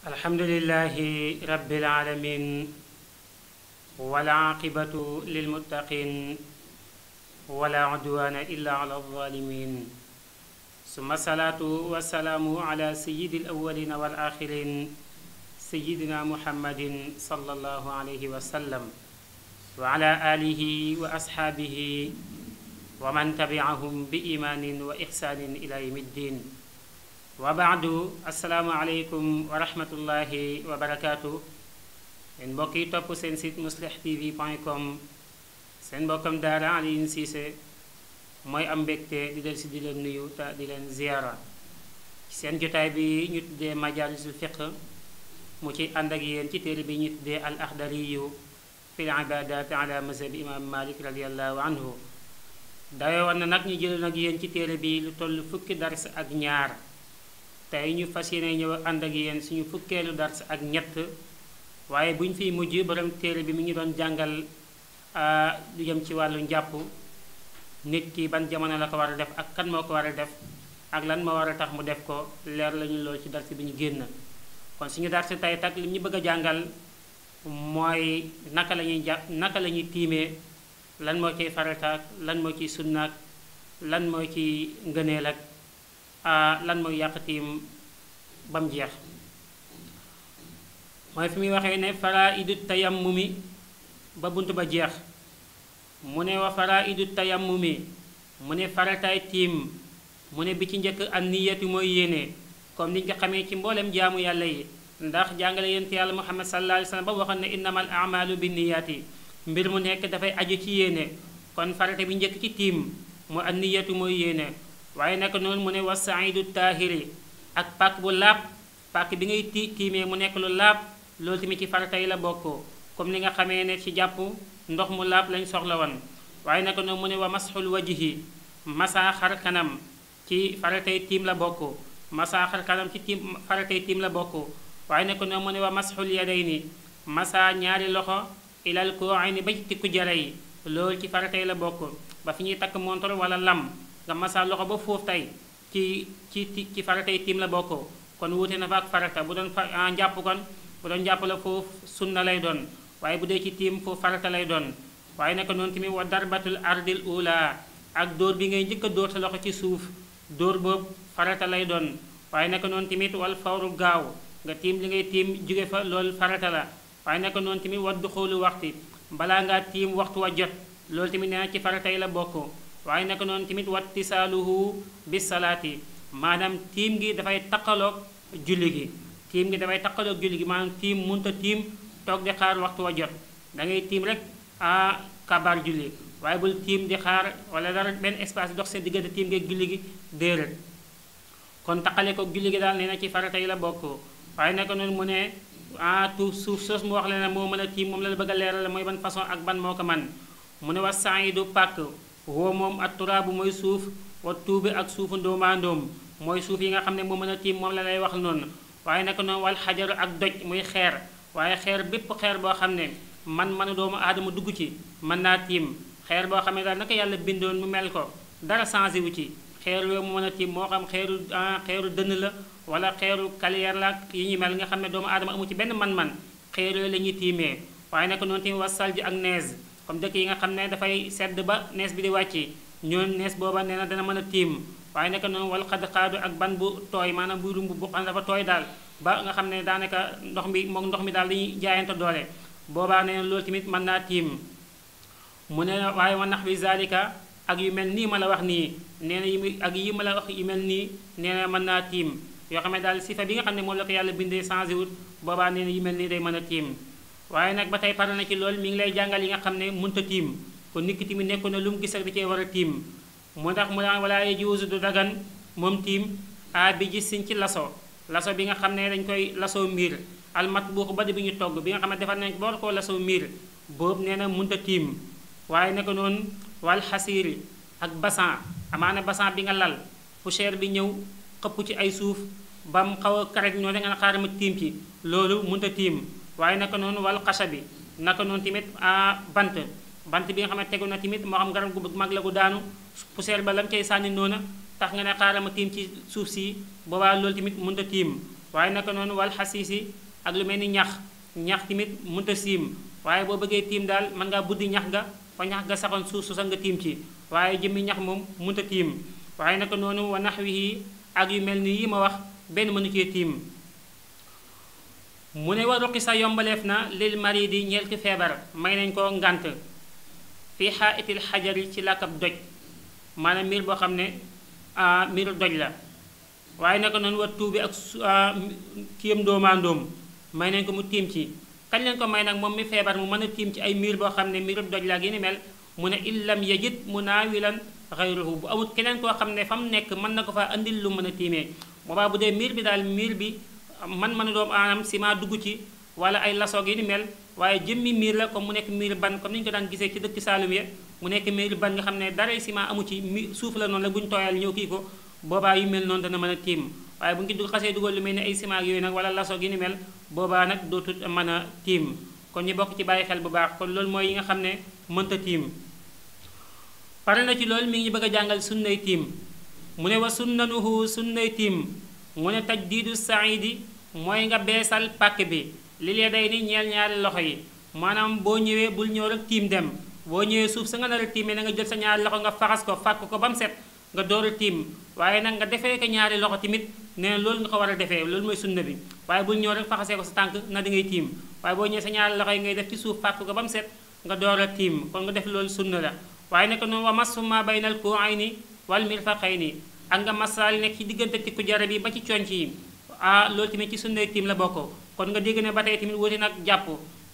alhamdulillahi rabbil alamin wala aqibatu lilmuttaqin wala udwana illa ala alzalimin summa salaatu wasalaamu ala sayidi alawalina wal axirin sayidina muhammadin sallallahu alayhi wa sallam wa ala alihi wa ashaabihi wa man tabiahum bi imaanin wa ixsaanin ila yawmi ddin wa baadu assalaamu aleykum wa rahmatullahi seen mbokk yi topp seen site muslih tv com seen mbokkam daara Alioune Cissé mooy am mbégte di del si di leen nuyu te di leen ziyaara seen jotaay bi ñu tuddee majaalisul fiqh mu ci ànd ak yéen ci téere bi ñu tuddee al axdariyu fi l ibadat ala mazhabi imam malik radiallahu anhu dawe na nag ñu jëloon ak yéen ci téere bi lu toll fukki dars ak ñaar tey ñu fas yéene ñëw ànd ak yéen suñu fukkeelu dars ak ñett waaye bu ñu fiy mujj borom téere bi mu ngi doon jàngal ah, lu jëm ci wàllu njàpp nit ki ban jamono la ko war a def ak kan moo ko war a def ak lan moo war a tax mu def ko leer lañu lool ci dars bi ñu génn kon suñu dars tey tak li ñu bëgg a jàngal mooy naka lañuy ñuy jàpp naka la ñuy tiimee lan moo ciy farataak lan moo ciy sunnaak lan moo ciy ngëneel ak Ah, lan mooy yàq tiim ba mu jeex mooy fi muy waxee ne faraidu tayammumi ba bunt ba jeex mu ne wax wa faraidu tayammumi mu ne farataay tiim mu ne bi ci njëkk an niyatu mooy yéene comme ni nga xamee ci mboolem jaamu yàlla yi ndax jàngale yent yàlla muhammad sallallahu alayhi wa sallam ba waxoon ne innamal amalu bi yi mbir mu nekk dafay aju ci yéene kon farata bi njëkk ci tiim mu an niyatu mooy yéene waaye naka noonu mu ne wa saidu taahiri ak pàkk bu làpp pàkk bi ngay ti tiimee mu nekk lu laab loolu mi ci farata yi la bokkoo comme li nga xamee ne ci jàpp ndox mu làpp lañ soxla woon waaye naka noonu mu ne wa masxul wajihi masaa xar kanam ci faratay tiim la bokk masaa xar kanam ci tiim faratay tiim la bokk waaye naka noonu mu ne wa masxul yadayni masaa ñaari loxo ilal kooxay ni ba ci tikku jara yi loolu ci faratay la bokk ba fi ñuy takk montor wala lam nga masa loxo ba foofu tey ci ci ci faratay tiim la bokkoo kon wuute na fa ak farata bu doon fa ah, njàpp kon bu doon jàpp la foofu sunna lay doon waaye bu dee ci tiim foofu farata lay doon waaye naka noonu tamit wa darbatul ardil ula ak dóor bi ngay njëkk a dóor ci suuf dóor boobu farata lay doon waaye naka noonu tamit wal fawru gaaw nga tiim li ngay tiim jóge fa loolu farata la waaye naka noonu tamit wa duxulu waxti balaa ngaa tiim waxtu wa jot loolu tamit nee na ci faratay la bokk waaye naka noonu tamit tisaalu bi salaat yi maanaam tiim gi dafay taqaloog julli gi tiim gi dafay taqaloog julli gi maanaam tiim munta tiim toog di xaar waxtu wa jot da ngay tiim rek a kabaar julli waaye bul tiim di xaar wala dara benn espace dox seen diggante tiim gi julli gi déeréet kon taqale ko julli gi daal nee na ci farata yi la bokk waaye naka noonu mu ne ah tu suuf soos mu wax la ne moo mën a tiim moom la la bëgg a leeral mooy ban façon ak ban moo ko man mu ne wa saa yi du pàkk huwa moom at bu mooy suuf wa tuubi ak suufu ndoomaandoom mooy suuf yi nga xam ne moo mën a tiim moom la lay wax noonu waaye naka noonu wal xajaru ak doj muy xeer waaye xeer bépp xeer boo xam ne man manu doomu aadama dugg ci mën naa tiim xeer boo xam ne daal naka yàlla bindoon mu mel ko dara changé wu ci xeer yooyu mu mën a tiim moo xam xeeru ah, xeeru dënn la wala xeeru kaliyeer la yi ñuy mel nga xam ne doomu aadama amu ci benn man-man xeer yooyu la ñuy tiimee waaye naka noonu tiim wasal ji ak neez comme dëkk yi nga xam ne dafay sedd ba nees bi di wàcc ñoon nees booba nee na dana mën a tiim waaye naka noonu wal xad xaadu ak ban bu tooy maanaam buy lumb bu xam dafa tooy daal ba nga xam ne daanaka ndox mi moom ndox mi daal dañuy jaayante doole boobaa nee na tamit mën naa tiim mu ne waaye wa nax wi zalika ak yu mel nii ma la wax nii nee na yi ak yii ma la wax yu mel nii nee na mën naa tiim yoo xam ne daal sifa bi nga xam ne moo la ko yàlla bindee changé wut boobaa nee na yu mel nii day mën a tiim waaye nag ba tey pare na ci loolu mi ngi lay jàngal yi nga xam ne mënta tiim kon nit ki tamit nekkoon na lu mu gis ak da cee war a tiim moo tax mu daan wala yajuuzu du dagan moom tiim a bi gis siñ ci laso laso bi nga xam ne dañ koy laso miir almatbuux ba bi ñu togg bi nga xam ne defar nañ boor koo lasoo miir boobu nee na mënta tiim waaye naka noonu wal xasiiri ak basan amaane basan bi nga lal poussière bi ñëw xëpp ci ay suuf ba xaw a karet ñoo da xaaral ma tiim ci loolu mënta tiim waaye naka noonu wal xasa bi naka noonu tamit ah, bant bant bi nga xam ne tegu na tamit moo xam garab gu mag la gu daanu poussière ba lam cay sànni noonu tax nga ne xaaral ma tiim ci suuf sii boobaa loolu tamit mënut a tiim waaye naka noonu wal xasiisi ak lu mel ni ñax ñax tamit mënut a siim waaye boo bëggee tiim daal mën ngaa buddi ñax ga fa ñax ga saxoon suuf sax nga tiim ci waaye jëmmi ñax moom mënut a tiim waaye naka noonu wa naxwihi ak yu mel ni yi ma wax benn mënu ci tiim mu ne wa ruqisa yombaleef na lil maridi ñeel ki feebar may nañ ko ngànt fii xaa'itil xajari ci làkkab doj maanaam miir boo xam ne miiru doj la waaye naka noonu wa tuubi ak kiyam ndóomaandóom may nañ ko mu tiim ci kañ leen ko may nag moom mi feebar mu mën a tiim ci ay miir boo xam ne miiru doj la gi ni mel mu ne illam yajid munaawilan xayruhu bu amut keneen koo xam ne fa mu nekk mën na ko fa andil lu mën a tiimee boobaa bu dee miir bi daal miir bi man manu doomu aadama ciment dugg ci wala ay lasoog yi ni mel waaye jëmmi miir la comme mu nekk miir ban comme ni ñu ko daan gisee ci dëkk Saalum ya mu nekk miir ban nga xam ne dara ciment amu ci mi suuf la noonu la bu tooyal ñëw kii ko boobaa yu mel noonu dana mën a tiim waaye bu ñu dugg xasee dugal lu mel ne ay ciment yooyu nag wala lasoog yi ni mel boobaa nag dootut mën a tiim kon ñu bokk ci bàyyi xel bu baax kon loolu mooy yi nga xam ne mënta tiim pare na ci loolu mi ngi bëgg a jàngal sunnay tiim mu ne wa sunnanuhu mu ne tajdiidu saidi mooy nga beesal pàkk bi li lee ni ñeel ñaari loxo yi maanaam boo ñëwee bul ñëw rek tiim dem boo ñëwee suuf sa nga nar a tiimee na nga jël sa ñaari loxo nga faxas ko fàkk ko ba mu set nga door a tiim waaye nag nga defee ko ñaari loxo tamit nee loolu nga ko war a defee loolu mooy sunna bi waaye bul ñëw rek faxasee ko sa tànk na di ngay tiim waaye boo ñëwee sa ñaari loxo yi ngay def ci suuf fàkk ko ba mu set nga door a tiim kon nga def loolu sunna la waaye nag noonu wa masu ma ak nga masaali nekk ci diggante tikku jarab bi ba ci conc yi ah lool tamit ci sunna tiim la bokk kon nga dégg ne ba tey tamit wuti nag jàpp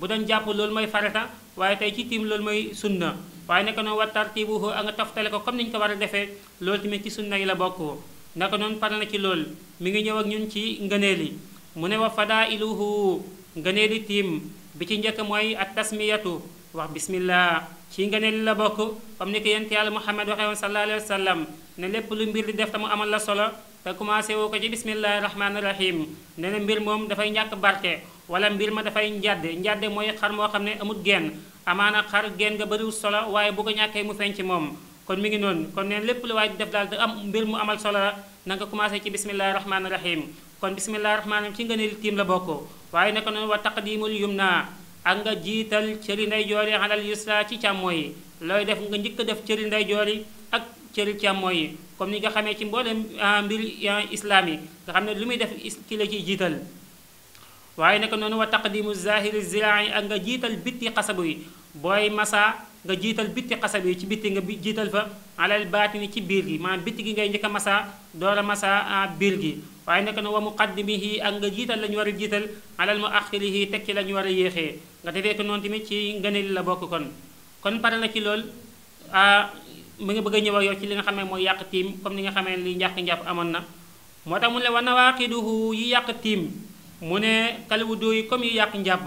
bu doon jàpp loolu mooy farata waaye tey ci tiim loolu mooy sunna waaye naka noonu wa tartibuhu a nga toftale ko comme ni ñu ko war a defee lool tamit ci sunna yi la bokk naka noonu pare na ci lool mi ngi ñëw ak ñun ci ngëneel yi mu ne wa fadaa iluhu ngëneeli tiim bi ci njëkk mooy at tasmiyatu wax bismillah ci ngëneel la bokk comme ni ko yent yàlla Muhammad waxee woon sallallahu alayhi ne lépp lu mbir di def te mu amal la solo te commencé woo ko ci bismillahi rahmaani rahim ne na mbir moom dafay ñàkk barke wala mbir ma dafay njàdd njàdde mooy xar moo xam ne amut genn amaana xar genn nga bëriwul solo waaye bu ko ñàkkee mu feeñ ci moom kon mi ngi noonu kon neen lépp lu waay di def am mbir mu amal solo na nga commencé ci bismillahi rahmaani rahim kon bismillahi rahmaani ci ngëneel tiim la bokk waaye ne ko noonu wa taqdimul yumna ak nga jiital cëri ndeyjoor yi xalal yusra ci càmmooñ yi looy def nga njëkk a def cëri ndeyjoor yi ak cëri càmmooñ yi comme ni nga xamee ci mboolem ah, mbir ah, islaam yi nga xam ne lu muy def ki la ciy jiital waaye naka noonu wa taqdimu zahiri ziraa yi ak nga jiital bitti xasabu yi booy masa nga jiital bitti xasab yi ci bitti nga jiital fa alal baatini ci biir gi maanaam bitti gi ngay njëkk a masa door a masa ah, biir gi waaye naka na wa muqaddimihi ak nga jiital la ñu war a jiital alal mu axirihi teg ci la war a yéexee nga defee ko noonu tamit ci ngëneel la bokk kon kon pare la ci lool mu ngi bëgg a ñëw ak yow ci li nga xam ne mooy yàq tiim comme ni nga xamee li njàq njàpp amoon na moo tax mu ne wa nawaaqiduhu yi yàq tiim mu ne kaliwu dooyu comme yi yàq njàpp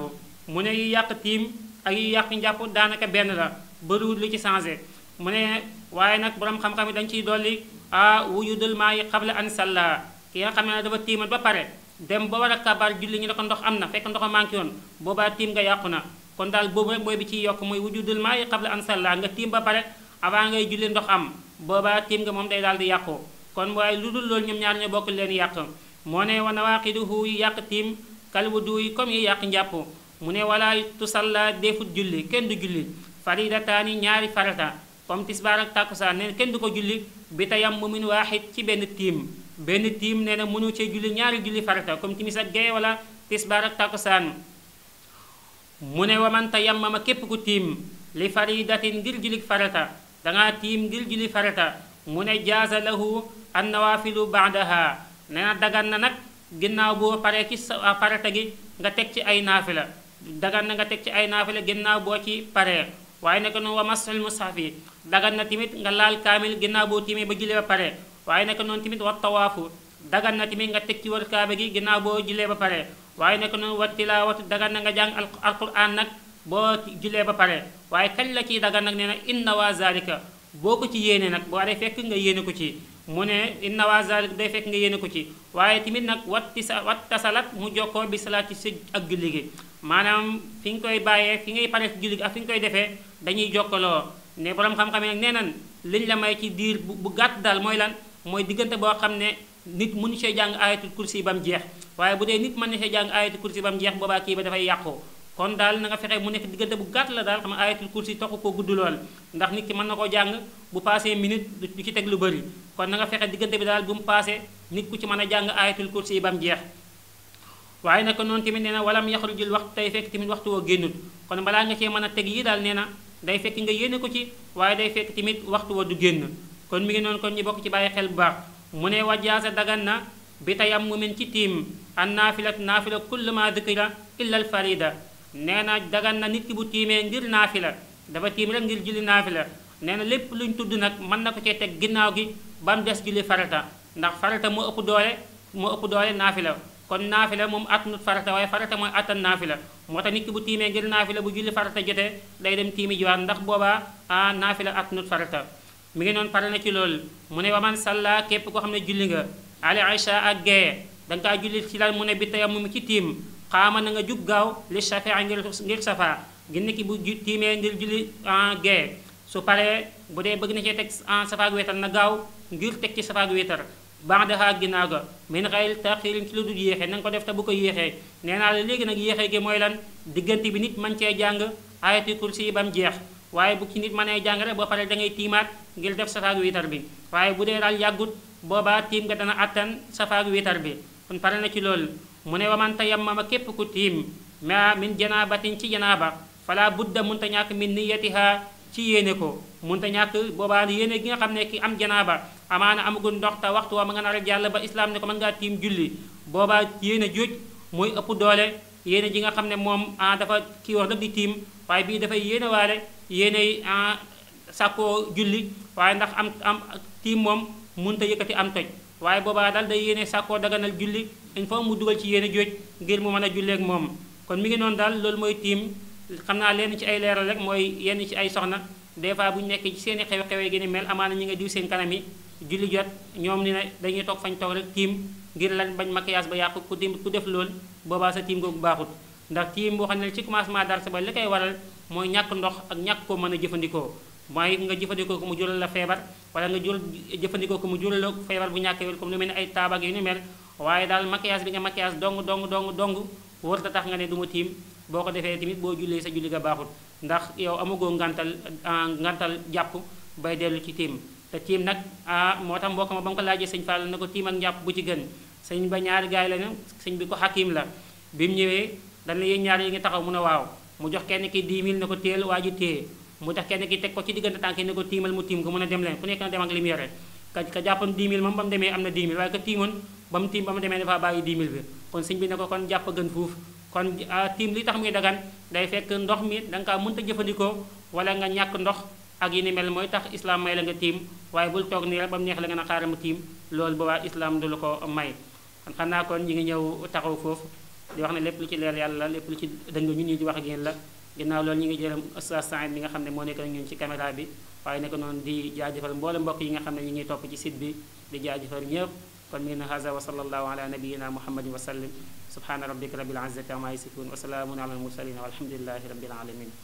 mu ne yàq tiim ak yi yàq njàpp daanaka benn la bëriwul lu ci changé mu ne waaye nag borom xam-xam yi dañ ciy dolli a wujudul maa yi xabla an salla ki nga xam ne dafa tiimat ba pare dem ba war a kabaar julli ñu ne ko ndox am na fekk ndox manqué yoon boobaa tiim nga yàqu na kon daal boobu rek mooy bi ciy yokk mooy wujudul maa yi qabla an salla nga tiim ba pare avant ngay julli ndox am boobaa tiim nga moom day daal di yàqu kon waaye lu dul loolu ñoom ñaar ñoo bokk leen yàq moo ne wa nawaaqiduhu yi yàq tiim kal wudu yi comme yi yàq njàpp mu ne wala tusalla defut julli kenn du julli faridataani ñaari farata comme tisbaar ak tàkkusaan ne kenn du ko julli bi tayammumin waaxid ci benn tiim benn tiim nee na mënu cee julli ñaari julli farata comme timis ak gee wala tisbaar ak takkusaan mu ne waman tayammama képp ku tiim li faridatin ngir julli farata dangaa tiim ngir julli farata mu ne jaaza lahu an nawaafilu baadaha na dagan na nag ginnaaw boo paree ci ah, farata gi nga teg ci ay naafila dagan na nga teg ci ay naafila ginnaaw boo ci paree waaye nekk noonu wa masul mushaf dagan na tamit nga laal kaamil ginnaaw boo tiimee ba julli ba pare waaye naka noonu tamit wa tawaafu dagan na tamit nga teg ci wër kaaba gi ginnaaw boo jullee ba pare waaye naka noonu wa tilaawatu dagan na nga jàng alquran nag boo jullee ba pare waaye kañ la ciy dagan nag nee na inna waa boo ko ci yéene nag boo dee fekk nga yéene ko ci mu ne inna waa day fekk nga yéene ko ci waaye tamit nag watti sa wat tasalat mu jokkoo bi salaat ci si ak julli gi maanaam fi nga koy bàyyee fi ngay pare julli ak fi nga koy defee dañuy jokkaloo ne boroom xam-xam nee nan liñ la may ci diir bu gàtt daal mooy lan mooy diggante boo xam ne nit mënu see jàng ayatul kursi ba mu jeex waaye bu dee nit mën na see jàng ayatul kursi ba mu jeex boobaa kii ba dafay yàqoo kon daal na nga fexe mu nekk diggante bu gàtt la daal xam ayatul kursi taxu koo gudd lool ndax nit ki mën na koo jàng bu passé minute du ci teg lu bari kon na nga fexe diggante bi daal bu mu passé nit ku ci mën a jàng ayatul kursi ba mu jeex waaye nag noonu tamit nee na walam yaxrujul waxtu tey fekk tamit waxtu woo génnut kon balaa nga cee mën a teg yi daal nee na day fekk nga yéene ko ci waaye day fekk tamit waxtu wa du génn kon mi ngi noonu kon ñu bokk ci bàyyi xel bu baax mu ne wajaasa dagan na bi mu tayammumin ci tiim an naafilatu naafila kullu ma dikra illa al farida nee na dagan na nit ki bu tiimee ngir naafila dafa tiim rek ngir julli naafila nee na lépp luñ tudd nag mën na ko cee teg ginnaaw gi ba des julli farata ndax farata moo ëpp doole moo ëpp doole naafila kon naafila moom attanut farata waaye farata mooy attan naafila moo tax nit ki bu tiimee ngir naafila bu julli farata jotee day dem tiimi jiwaat ndax boobaa a ah, naafila attanut farata mi ngi noonu pare na ci loolu mu ne waman salla képp koo xam ne julli nga ali aïcha ak gaye da nga kaa julli ci lan mu ne bi taya mu ci tiim xaama na nga jug gaaw li shafaa ngir ngir safa ginne ki bu tiimee ngir julli en gaye su paree bu dee bëgg na cee teg en safaak weetar na gaaw ngir teg ci safaak weetar baax daxaa ginnaaw ga min xayl taxiirin ci lu dul yéexee na ko def te bu ko yéexee nee naa la léegi nag yéexee gi mooy lan diggante bi nit man cee jàng ayatul kursi yi ba mu jeex waaye bu ci nit mënee jàng rek boo paree dangay ngay tiimaat ngir def safaagu witar bi waaye bu dee daal yàggut boobaa tiim nga dana attan safaagu wiitar bi kon pare na ci lool mu ne waman tayammama képp ku tiim ma min janaabatin ci janaaba fala budda munta ñàkk min niyatiha ci yéene ko munta ñàkk boobaa yéene gi nga xam ne ki am janaa janaaba amaana amagul ndox te waxtu wa ma nga nar a jàll ba islaam ne ko mën ngaa tiim julli boobaa yéene jóoj mooy ëpp doole yéene ji nga xam ne moom ah dafa kii wax di tiim waaye bii dafay yéene waale yéene ah sàkkoo julli waaye ndax am am tiim moom mun mënuta yëkkati am toj waaye booba daal day yéene sàkkoo daganal julli il faut mu dugal ci yéene jooj ngir mu mën a julleeg moom kon mu ngi noonu daal loolu mooy tiim xam naa lenn ci ay leeral rek mooy yenn ci ay soxna des fois bu ñu nekkee ci seen i xew-xew gi ni mel amaana ñi nga diw seen kanam yi julli jot ñoom ni ne dañuy toog fañ toog tiim ngir lan bañ maquillage ba yàqu ku tiim ku def lool boobaa sa tiim googu baaxut ndax tiim boo xam ne ci commencement darse ba li koy waral mooy ñàkk ndox ak ñàkk koo mën a jëfandikoo mooy nga jëfandikoo ko mu jural la feebar wala nga jur jëfandikoo ko mu jural la bu ñàkk wér comme lu ne ay taabak yu waaye daal maquillage bi nga maquillage dong dong dong dong wër ta tax nga ne du ma tiim boo ko defee tamit boo jullee sa julli ga baaxut ndax yow amagoo ngantal ah, ngantal jàpp bay dellu ci tiim te tiim nag ah moo tax mbokk ma ba mu ko laajee sëñ Fall na ko tiim ak jàpp bu ci gën sëñ ba ñaari gaay la ñu sëñ bi ko xakim la bi mu ñëwee dañ la ñaar yi nga taxaw mu ne waaw mu jox kenn ki 10 000 ne ko téel waa ji téye mu jox kenn ki teg ko ci diggante tànk yi ne ko tiimal mu tiim ko mën a dem leen ku dem ak li mu yore ka ka jàppoon 10 000 moom ba mu demee am na 10 000 waaye ka tiimoon ba mu tiim ba mu demee dafa bàyyi 10 bi kon sëñ bi ne ko kon jàpp gën fuuf kon tiim li tax muy dagan day fekk ndox mi da nga kaa mënta jëfandikoo wala nga ñàkk ndox ak yi ni mel mooy tax islam may la nga tiim waaye bul toog nii ba mu neex na xaaral ma tiim loolu boobaa islam ko may kon xam naa kon ñi ngi ñëw taxaw foofu di wax ne lépp lu ci leer yàlla lépp lu ci dëng ñun ñi di wax ak yéen la ginnaaw loolu ñi ngi jërëm Oustaz Saïd mi nga xam ne moo nekk ak ñun ci caméra bi waaye nekk noonu di jaajëfal mboole mbokk yi nga xam ne ñi ngi topp ci site bi di jaajëfal ñëpp kon mi ngi ne haza wa sallallahu ala nabiyina muhammadin wa sallim subhana rabbika rabbil izzati amma yasifun wa salaamun ala al mursalin walhamdulillahi rabbil alamin